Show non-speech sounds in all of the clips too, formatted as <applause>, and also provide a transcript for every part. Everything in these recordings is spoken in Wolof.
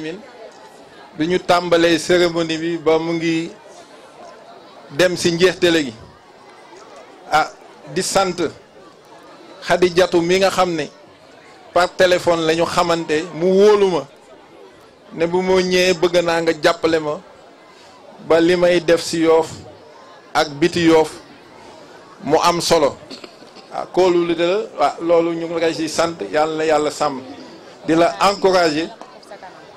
min biñu tambalé cérémonie bi ba mu ngi dem ci njeextele gi ah di sante khadijatu mi nga xamné par téléphone la xamanté mu woluma ma ne bu mo ñé bëgg na nga jappalé ma ba limay def ci yof ak biti yof mu am solo ah lu lu de la ah, lolu ñu ngi lay si sante yalla yalla sam dila encourager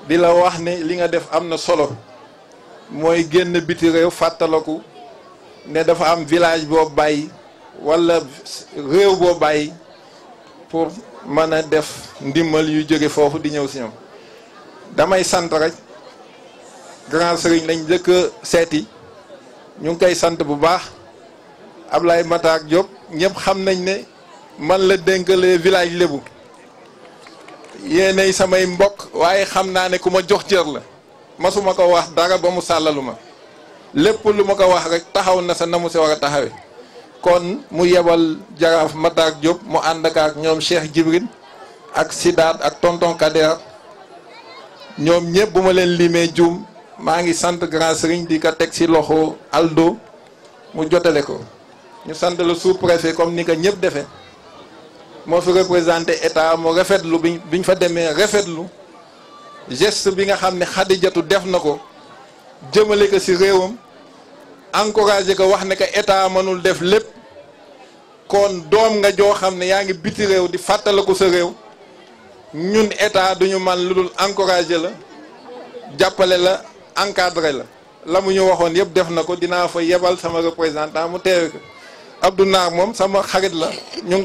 di la wax ne li nga def am na solo mooy génn biti réew fàttaliku ne dafa am village boo bàyyi walla réew boo bàyyi pour mën a def ndimbal yu jóge foofu di ñëw si ñoom damay sant rek grand sëriñ lañ dëkk seeti ñu ngi koy sant bu baax Ablaye Matar Diop ñëpp xam nañ ne man la dénkalee village lébu yéenay samay mbokk waaye xam naa ne ku ma jox cër la masuma ko wax dara ba mu sàllalu ma lépp lu ma ko wax rek taxaw na sa na mu si war a taxawe kon mu yebal jaraaf Matar Diop mu ànd ak ñoom Cheikh Jibril ak Sidaat ak tonton Kader ñoom ñëpp bu ma leen limee juum maa ngi sant grand sëriñ di ko teg si loxo Aldo mu jotale ko ñu sant le sous-préfet comme ni ko ñëpp defee je suis représenté état je suis bi biñ fa je suis geste bi nga je ne je def l'État ko ko ci ko que kon dom nga jo de ya biti réew di ko sa réew ñun état duñu man encourager la jappalé la encadrer la lamu ñu def fa yebal sama représentant mu Abdou sama xarit la ñu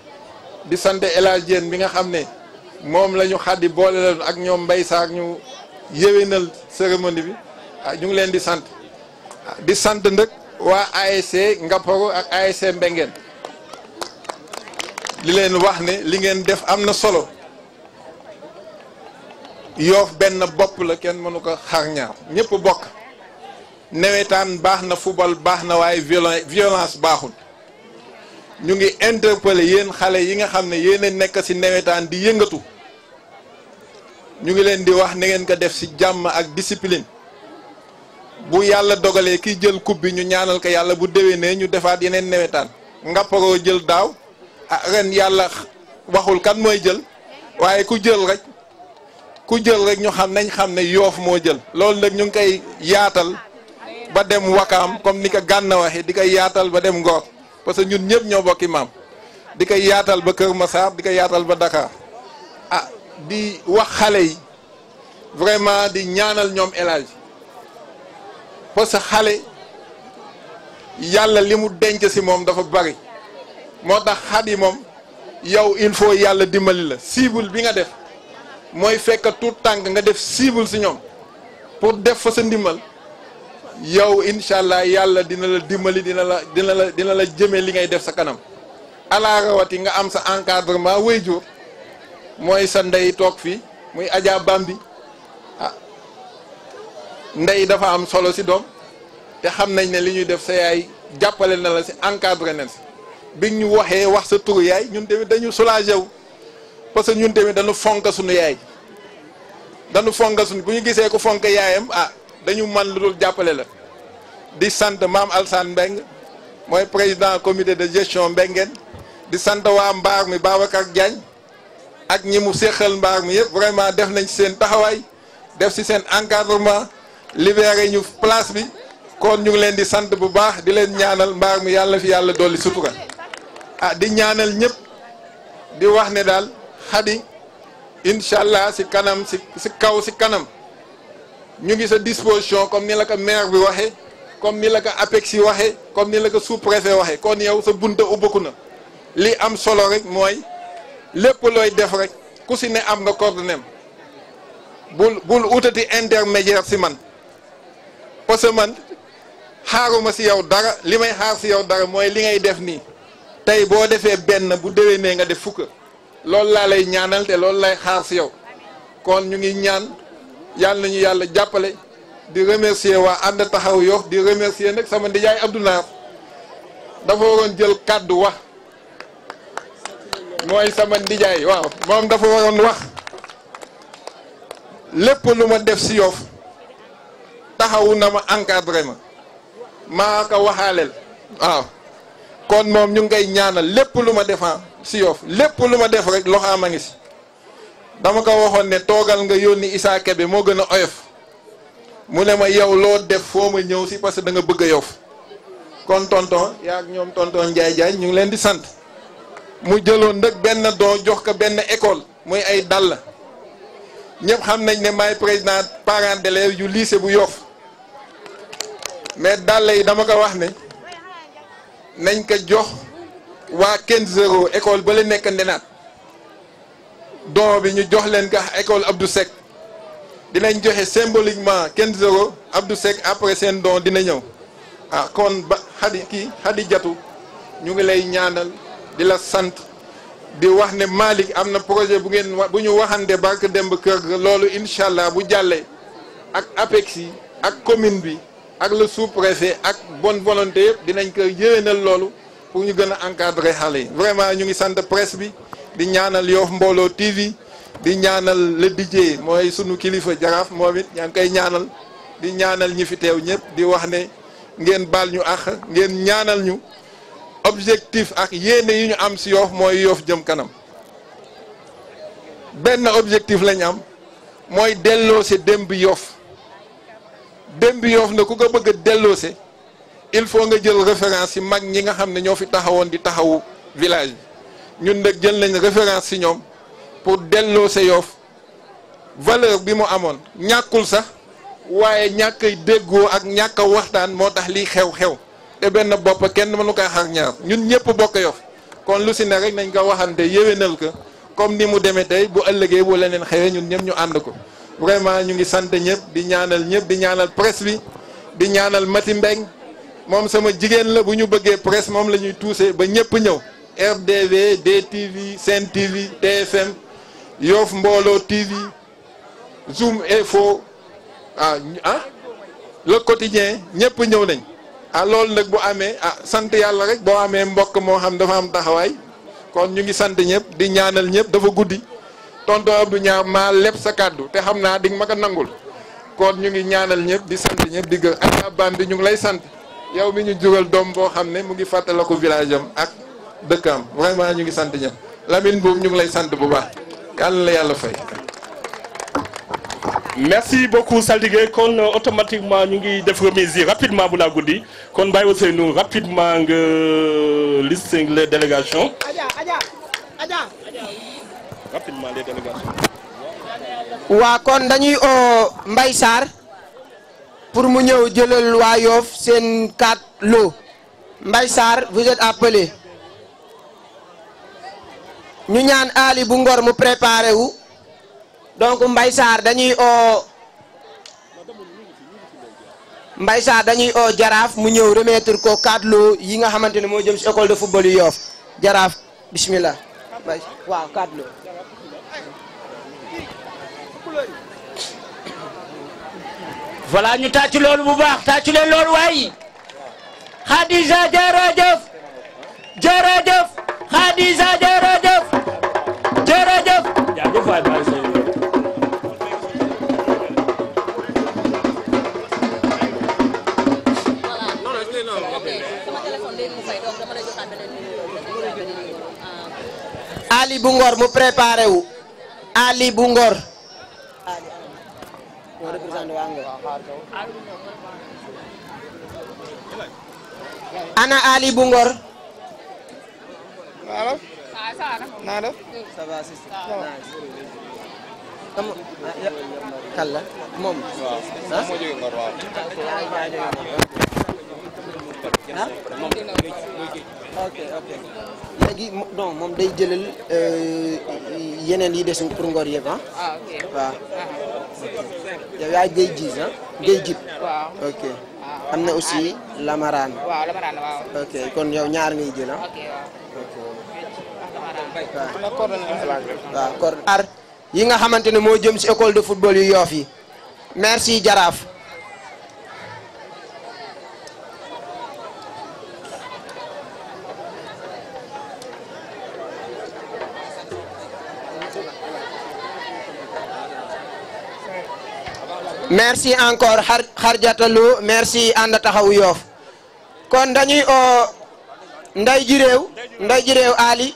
di sant El Hadj bi nga xam ne moom lañu ñu xaddi boole leen ak ñoom mbay saak ñu yéwénal cérémonie bi ah, ñu ngi leen di sant ah, di sant nag waa ASC Ngaparou ak ASC Mbengeen li leen wax ne li ngeen def am na solo yoof benn bopp la kenn mënu ko xar ñaar bokk nawetaan baax na football baax na waaye violence baaxul ñu ngi interpeller yéen xale yi nga xam ne yéen a nekk ci nawetaan di yëngatu ñu ngi leen di wax na ngeen ko def ci jàmm ak discipline bu yàlla dogalee ki jël coupe bi ñu ñaanal ko yàlla bu déwénee ñu defaat yeneen nawetaan ngapparoo jël daaw ah ren yàlla waxul kan mooy jël waaye ku jël rek ku jël rek ñu xam nañ xam ne yoof moo jël loolu nag ñu ngi koy yaatal ba dem wakaam comme ni ko gànna waxee di koy yaatal ba dem ngoor parce que ñun ñëpp ñoo bokki maam di koy yaatal ba Kër Massar di ko yaatal ba Dakar ah di wax xale yi vraiment di ñaanal ñoom El Hadj parce que xale yàlla li mu denc si moom dafa bari moo tax xat yi moom yow il faut yàlla dimbali la cible bi nga def mooy fekk tout tànk nga def cible si ñoom pour def fa sa ndimbal yow inshallah allah dina la dimbali dina la dina la dina la jeme li ngay def sa kanam ala rawati nga am sa encadrement waajur moy sa ndey tok fi moy Adja Bambi ah, ndey dafa am solo ci dom te xamnañ ne liñuy def sa yaay jappale na la ci encadrer nañ si bi ñu waxee wax sa tour yaay ñun dañu soulager wu parce que ñun dañu fonk suñu yaay dañu fonk suñu buñu gisé ko fonk yaayam ah dañu man lu dul jappalé la di sant maam Alsaan Mbeng mooy président comité de gestion Mbengeen di sant waa mbaar mi Babacar Diagne ak ñi mu séqal mbaar mi yëpp vraiment def nañ seen taxawaay def si seen encadrement libéré ñu place bi kon ñu ngi leen di sant bu baax di leen ñaanal mbaar mi yàlla fi yàlla dolli sutura ah di ñaanal ñëpp di wax ne daal xadi incha allah si kanam si si kaw si kanam ñu ngi sa disposition comme ni la ko maire bi waxee. comme ni la ko APEX yi waxee comme ni la ko sous-préfet waxee kon yow sa bunta ubbeeku na li am solo rek mooy lépp looy def rek ku si ne am nga coordonnée bul bul utati intermédiaire si man parce que man xaaruma si yow dara li may xaar si yow dara mooy li ngay def nii tey boo defee benn bu déwénee nga def fukk loolu laa lay ñaanal te loolu lay xaar si yow kon ñu ngi ñaan yàlla nañu yàlla jàppale. di remercier waa ànd taxaw Yoff di remercier nag sama ndijaay Abdou Naar dafa waroon jël kàddu wax mooy sama ndijaay waaw moom dafa waroon wax lépp lu ma def si Yoff taxawu na ma encadré ma maa ko waxaaleel waaw kon moom ñu ngay ñaanal lépp lu ma defaa ah si Yoff lépp lu ma def rek loxaam a ngi si dama ko waxoon ne toogal nga yónni Issa bi moo gën a oyof mu ne ma yow loo def foo ma ñëw si parce que da nga bëgg yof kon tonton yaa ak ñoom tonton Ndiaye jaay ñu ngi leen di sant mu jëloon nag benn don jox ko benn école mooy ay dàll ñëpp xam nañ ne maay président parent d'élèves yu bu yof mais dàll yi dama ko wax ne nañ ko jox waa quinze zéro école ba la nekk ndenaat don bi ñu jox leen ko ab du Seck dinañ joxe symboliquement 15 euros Abdou Seck après seen don dina ñëw ah kon ba xadi kii xadi jatu ñu ngi lay ñaanal di la sant di wax ne Malick am na projet bu ngeen bu ñu waxante barke demb kër gi loolu incha allah bu jàllee ak APEX ak commune bi ak le sous-préfet ak bonne volonté yëpp dinañ ko yéenal loolu pour ñu gën a encadrer xale yi vraiment ñu ngi sant presse bi di ñaanal Yoff Mbollo TV. di ñaanal le DJ mooy sunu kilifa jaraaf moom it ñaa ngi koy ñaanal di ñaanal ñi fi teew ñëpp di wax ne ngeen baal ñu àq ngeen ñaanal ñu objectif ak yéene yi ñu am si yoof mooy yoof jëm kanam benn objectif lañ am mooy delloose démb yoof bi yoof na ku ko bëgg a delloose il faut nga jël référence si mag ñi nga xam ne ñoo fi taxawoon di taxawu village bi ñun nag jël nañ référence si ñoom pour delloo sa yoof valeur bi mu amoon ñàkkul sax waaye ñàkk a déggoo ak ñàkk waxtaan moo tax lii xew-xew te benn bopp kenn mënu koy xar ñaar ñun ñëpp bokk yof kon lu si ne rek nañ ko waxante yéwénal ko comme ni mu demee tey bu ëllëgee bu leneen xewee ñun ñëpp ñu ànd ko vraiment ñu ngi sant ñëpp di ñaanal ñëpp di ñaanal presse bi di ñaanal Mati Mbeng moom sama jigéen la bu ñu bëggee presse moom la ñuy tuusee ba ñëpp ñëw RDV DTV Sen TV TFM Yoff Mbollo TV Zoom Info ah ah le quotidien ñëpp ñëw nañ ah loolu nag bu amee ah sant yàlla rek boo amee mbokk moo xam dafa am taxawaay kon ñu ngi sant ñëpp di ñaanal ñëpp dafa guddi tonton du ñaar maa lépp sa kàddu te xam naa di mag a nangul kon ñu ngi ñaanal ñëpp di sant ñëpp di gër ak abam bi ñu ngi lay sant yow mi ñu jugal doom boo xam ne mu ngi fàttaliku village am ak dëkk dëkkam vraiment ñu ngi sant ñëpp Lamine boobu ñu ngi lay sant bu baax merci beaucoup Saldigé kon euh, automatiquement ñu ngi def remise rapidement bu la goudi. kon bàyyi wasey nous rapidement nga euh, liste les délégations rapidement les délégations Wa kon dañuy o Mbaye Sar pour mu ñëw jëlal wa Yoff sen 4 lots Mbaye Sar, vous êtes appelé ñu ñaan Ali bu ngor mu préparé wu donc mbay sar dañuy o mbay Sarr dañuy o jaraf mu ñew remettre ko cadeau yi nga xamante mo jëm ci école de football yu yof jaraf bismillah mbay waaw cadeau voilà ñu tàcc lolu bu baax tàcc leen lolu way Khadija jërëjëf jërëjëf Khadija jërëjëf Baye Baye Seye Ali bu mu préparé Ali bu ana Ali bu naa def. ça va moom. Ah, léegi donc moom day jëlal euh, yeneen yi desuñ pour Ngor yëpp ah. waaw. Ah. yow yaa ngay ji am na aussi ah. Lamarane. waaw kon yow ñaar ngay jël waaw kor ar yi nga xamante ne jëm si école de football yu yofi merci jaraf merci encore har xarjatalu merci anda taxawu yoof kon dañuy o ndai ji ndai nday Ali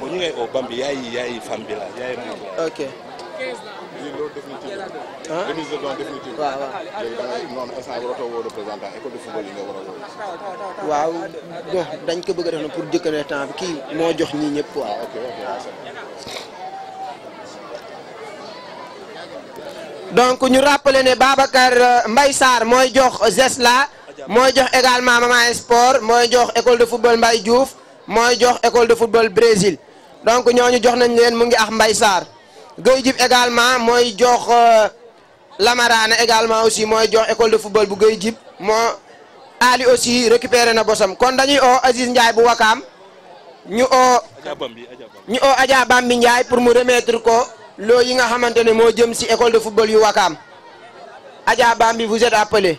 onyinga iko de football yi waaw dañ ko bëgg a pour jëkkale temps ki kii moo jox ñii ñëpp waaw ah, donc ñu rappeler ne Babacar euh, Mbaye Sarr mooy jox Zesla mooy jox également Mama Sport mooy jox école de football Mbaye Diouf mooy jox école de football Brésil donc ñooñu jox nañ leen mu ngi ax Mbay saar Guèye Djib également mooy jox euh, Lamarana également aussi mooy jox école de football bu Guèye Djib moo Ali aussi récupéré na bosam kon dañuy oo Aziz Ndiaye bu Wakaam ñu oo ñu Bambi Ndiaye pour mu remetre ko loo yi nga xamante ne moo jëm si école de football yu Wakaam Adja Bambi vous êtes appelé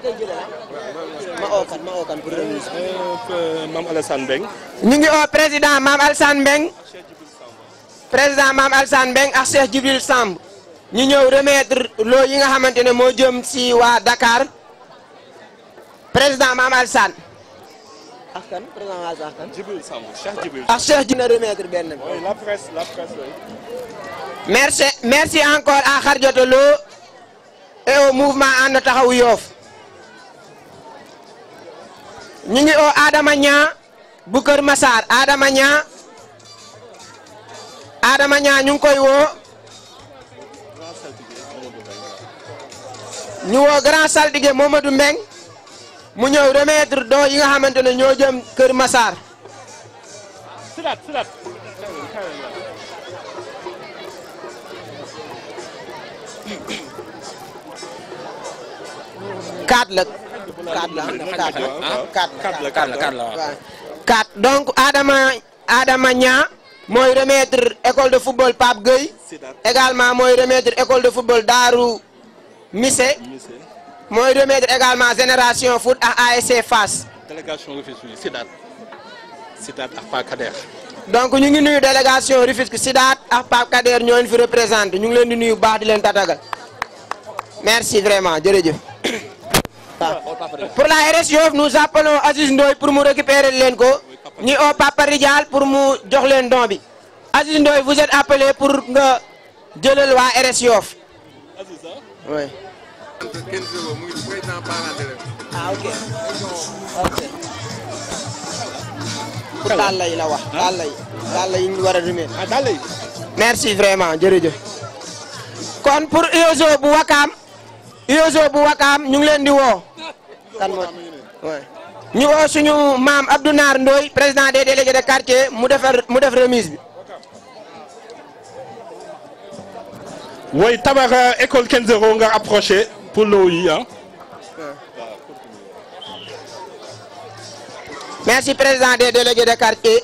Ya. ma oo eh, Beng. Oh, président Mame Alassane Beng, président Mame Alassane ak ah, Cheikh Samb. ñu ñëw remettre loo yi nga jëm Dakar. président Mame Alassane. ak président Mame Alassane jibril Samb Cheikh ak ah, Cheikh dina remettre ya, la presse la presse merci merci encore à ah, Khadijatou Lo et eh, au oh, mouvement ànd taxawu Yoff. ñu ngi oo Adama Niang bu Kër Massar Adama Niang Adama Niang ñu ngi koy wo ñu woo grand saltige Momadou Mbeng mu ñëw remettre doo yi nga xamante ne ñoo jëm Kër Massar kaat 4 4 donc Adama Adama Niang moy remettre école de football Pape Gueye également moy remettre école de football DARU Missé moy remettre également Génération Foot à ASC FAS. délégation Rufisque SIDAT, Sidat ak Kader. donc nous, ngi nuyu délégation Rufus, SIDAT, ak Pape Kader ñoo Nous, fi représenté ñu ngi leen di nuyu baax di leen tatagal merci vraiment jërëjëf. Pour la RSIOF, nous appelons Aziz Ndoye pour nous récupérer l'enco, ni au Papa pour nous donner Aziz vous êtes appelé pour de la loi Aziz, hein? Oui. Ah, ok. la ah, Merci vraiment, pour kan moo ñu suñu maam Abdou Naar président des délégués de quartier mu defar mu def remise bi. way tabax euh, école Kenzero nga approché pour loo yi ah. merci président des délégués de quartier.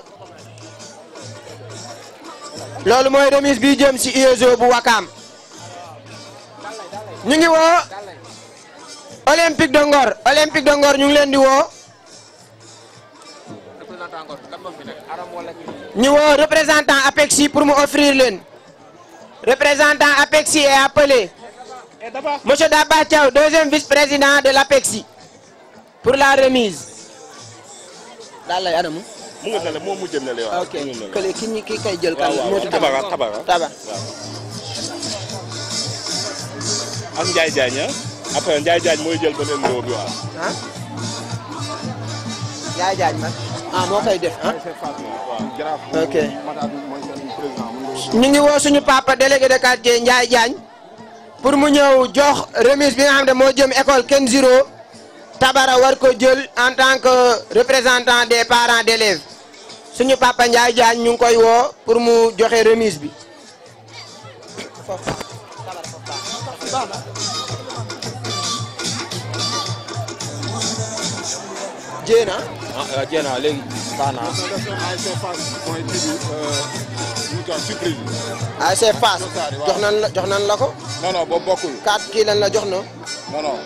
loolu mooy remise bi jëm si USO bu Wakaam. ñu ngi woo. Olympique de Olympique de nous ñu ngi leen représentant APEXI pour nous offrir leen. représentant APEXI est appelé. Monsieur Daba deuxième vice-président de l'APEXI pour la remise. Okay. après Ndiaye Diagne mooy jël beneen loo bi waaw. ah Ndiaye moo koy def ah. ok. ñu ngi woo suñu papa délégué de quartier pour mu ñëw jox remise bi nga xam ne moo jëm école Ken Ziro Tabara war ko jël en tant que représentant des parents d'élèves suñu papa Ndiaye Diagne ñu ngi koy woo pour mu joxe remise bi. Diena. ah euh, Diena léegi baax na. ASC Fass mooy surprise ASC Fass jox na la jox nan la ko. non non boobu bokkul. kii lan la jox no non non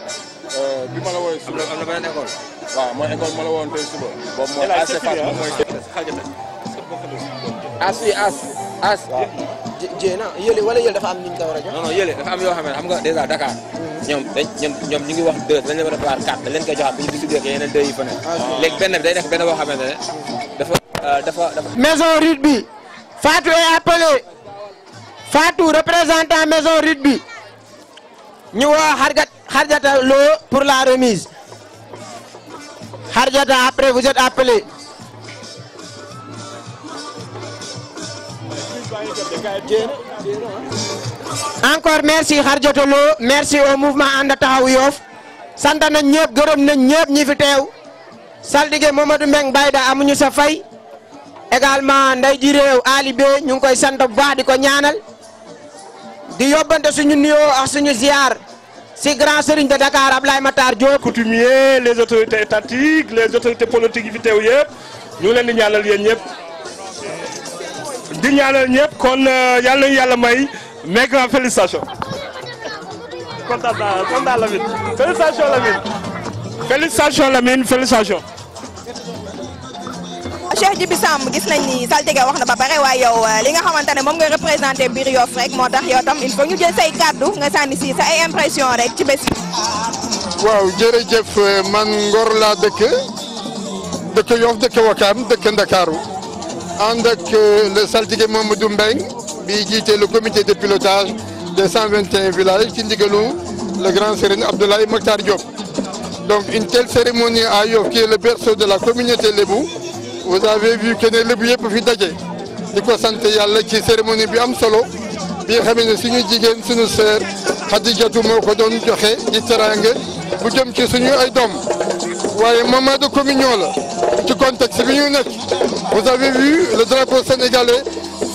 euh, bi ma la woowee suba. am na beneen école. waaw mooy école ma la woon tey suba. boobu mooy ASC Fass moom mooy. Ah, yële wala yële dafa am ni ñu a jox. non yële dafa am yoo xam ne xam nga déjà Dakar. Hmm. ñoom dañ ñoom ñu ngi wax deux dañ leen war a prévoir quatre dañ leen koy joxaat bu ñu duggee ah. benn bi day nekk benn boo xamante dafa euh, dafa dafa maison rugby Fatou est appelée Fatou représentant maison rugby ñu woo Harjat Harjata Lo pour la remise Harjata après vous êtes appelé encore merci Khadijatou Lo merci au mouvement ànd taxawu Yoff sant na ñëpp gërëm nañ ñëpp ñi fi teew saldige Mamadou Mbeng Bayda amuñu sa fay également nday ji réew Ali Be koy sant bu baax di ko ñaanal di yóbbante suñu nuyoo ak suñu ziar si grand serigne de Dakar Ablaye Matar Diop. coutumier les autorités étatiques les autorités politiques yi fi teew yëpp ñu leen di ñaanal yéen ñëpp di ñaanal ñëpp kon euh, yàlla nañu yàlla may. mais grand félicitations. kontaan naa kontaan Lamine félicitations Lamine. félicitations Lamine félicitations. Samb gis nañ saltige wax na ba pare waaye yow euh, li nga xamante ne moom nga représenté biir Yoff rek moo tax yow il faut ñu jël say kàddu nga sànni si sa ay impression rek ci bés bi. waaw jërëjëf euh, man Ngor laa dëkk dëkk Yoff dëkk Wakaam dëkk Ndakaaru ànd ak euh, le saltige Mamadou Mbengue. bi jiite le comité de pilotage des 121 villages ci ndigalu le grand sëriñ Abdoulaye Mokhtar Diop. Donc une telle cérémonie à Yoff qui est le berceau de la communauté Lebou. vous avez vu que les Lébou yëpp fi daje di ko sant yàlla ci cérémonie bi am solo bi que xamee ne suñu jigéen suñu sœur Khadijatou moo ko doon joxe di teraanga bu jëm ci suñu ay doom waaye moment de communion la ci contexte bi vous avez vu le drapeau sénégalais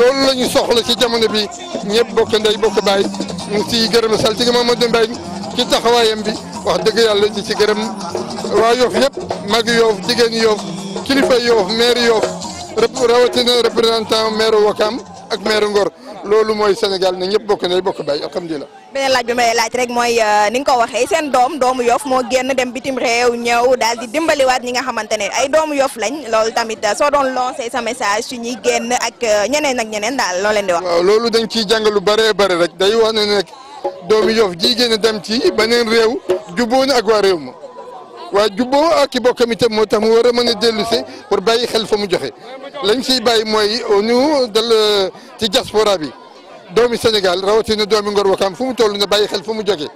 loolu la ñu soxla ci jamono bi ñëpp bokk ndey bokk baay ñu ciy gërëm saltige Mamadou Mbengue ci taxawaayam bi wax dëgg yàlla di ci gërëm waa Yoff yëpp mag Yoff jigéen Yoff kilifa Yoff maire Yoff rawatina représentant maire Wakam ak maire Ngor loolu mooy Sénégal ne ñëpp bokk nañ bokk bay alhamdulilah. beneen laaj bi may laaj rek mooy euh, ni nga ko waxee seen doom doomu yof moo génn dem bitim réew ñëw daal di dimbaliwaat ñi nga xamante ne ay doomu yof lañ loolu tamit euh, soo doon lancé sa message su ñuy génn ak euh, ñeneen ak ñeneen daal loo leen di wax. loolu dañ ciy jàng lu bëree bëri rek day wax ne nag doomu yof ji génn dem ci ba beneen réew jubboon ak waa réew ma. waaye jubboo ak i bokkam itam moo tax mu war a mën a dellu pour bàyyi xel fa mu joxe lañ siy bàyyi mooy ñu dal ci diaspora bi doomi Sénégal rawatina doomi Ngor Wakaam fu mu toll na bàyyi xel fu mu joge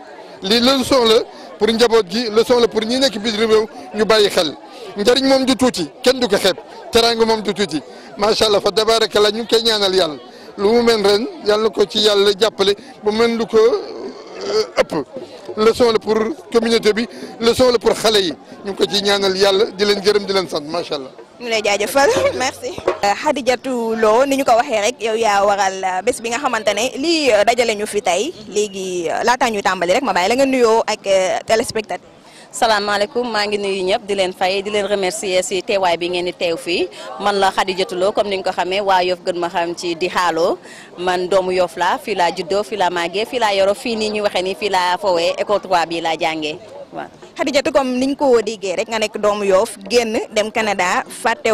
lii leçon la pour njabot gi leçon la pour ñi nekk biir réew ñu bàyyi xel njëriñ mom du tuti kenn du ko xeeb teraanga mom du tuuti macha allah fa dabaraka la ñu ngi koy ñaanal yàlla lu mu mel ren yalla ko ci yalla jappale bu mel lu ko euh, ëpp. leçon la pour communauté bi leçon la pour xale yi ñu ko ci ñaanal yàlla di leen gërëm di leen sant macha allah. ñu lay jaajëfal <laughs> merci. Xadijatu euh, loo ni ñu ko waxee rek yow yaa waral euh, bés bi nga xamante ne lii euh, dajale ñu fi tey léegi laataa ñuy tàmbali rek ma bàyyi la nga nuyoo ak téléspectateur. Assalamualaikum, ma ngi nuyu ñep di len fay di len remercier ci teewaay bi ngeen di teew fii man la Khady Diatullo comme niñ ko xamé wa yof gën ma xam ci di halo man doomu yof la fi la juddo fi la magge fi la yoro fi ni ñu waxé ni fi la fowé école 3 bi laa jàngee waaw. Khadijatou comme niñ ko rek nga nek doomu yof genn dem Canada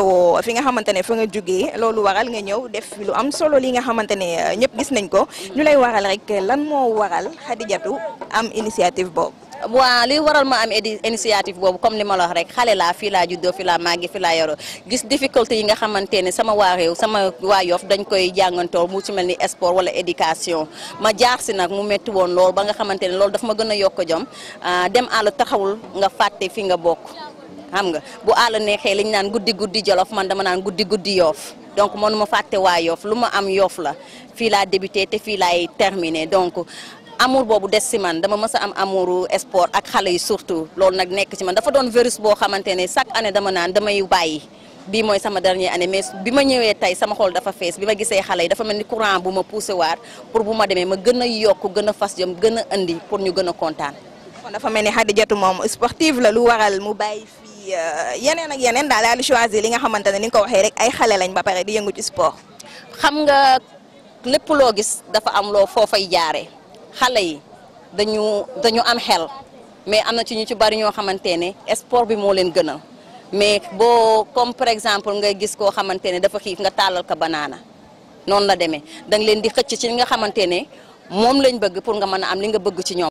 wo fi nga xamantene fa nga lolu waral nga ñew def fi lu am solo li nga xamantene ne gis nañ ko ñu lay waral rek lan mo waral am initiative bob waa li waral ma am initiative boobu comme li ma la wax rek xale laa fii laa juddoo fii laa màggi fii laa yaroo gis difficulté yi nga xamante ne sama waa réew sama waa dañ koy jàngantoo mu ci mel ni sport wala éducation ma jaar si nag mu métti woon loolu ba nga xamante ne loolu daf ma gën a yokk jom ah, dem àll taxawul nga fàtte fii nga bokk xam nga bu àll neexee liñ naan guddi guddi jolof man dama naan guddi guddi yoof donc mënu ma fàtte waa yoof lu ma am yoof la fii laa débuté te fii laay terminé donc amour boobu des si man dama mës a am amouru sport ak xale yi surtout loolu nag nekk si man dafa doon virus boo xamante ne chaque année dama naan damay bàyyi bii mooy sama dernier année mais bi ma ñëwee tey sama xol dafa fees bi ma gisee xale yi dafa mel ni courant bu ma poussé waar pour bu ma demee ma gën a yokk gën a fas jom gën a indi pour ñu gën a kontaan. kon dafa mel ni Xadijatu moom sportive la lu waral mu bàyyi fii euh, yeneen ak yeneen daal daal li nga xamante ne ni nga ko waxee rek ay xale lañ ba pare di yëngu ci sport. xam nga lépp loo gis dafa am loo foo fay jaaree. xale yi dañu dañu am xel mais am na ci ñu ci bari ñoo xamante ne sport bi moo leen gënal mais boo comme par exemple ngay gis koo xamante ne dafa xiif nga tàllal ko banaana noonu la demee da leen di xëcc ci li nga xamante ne moom lañ bëgg pour nga mën a am li nga bëgg ci ñoom.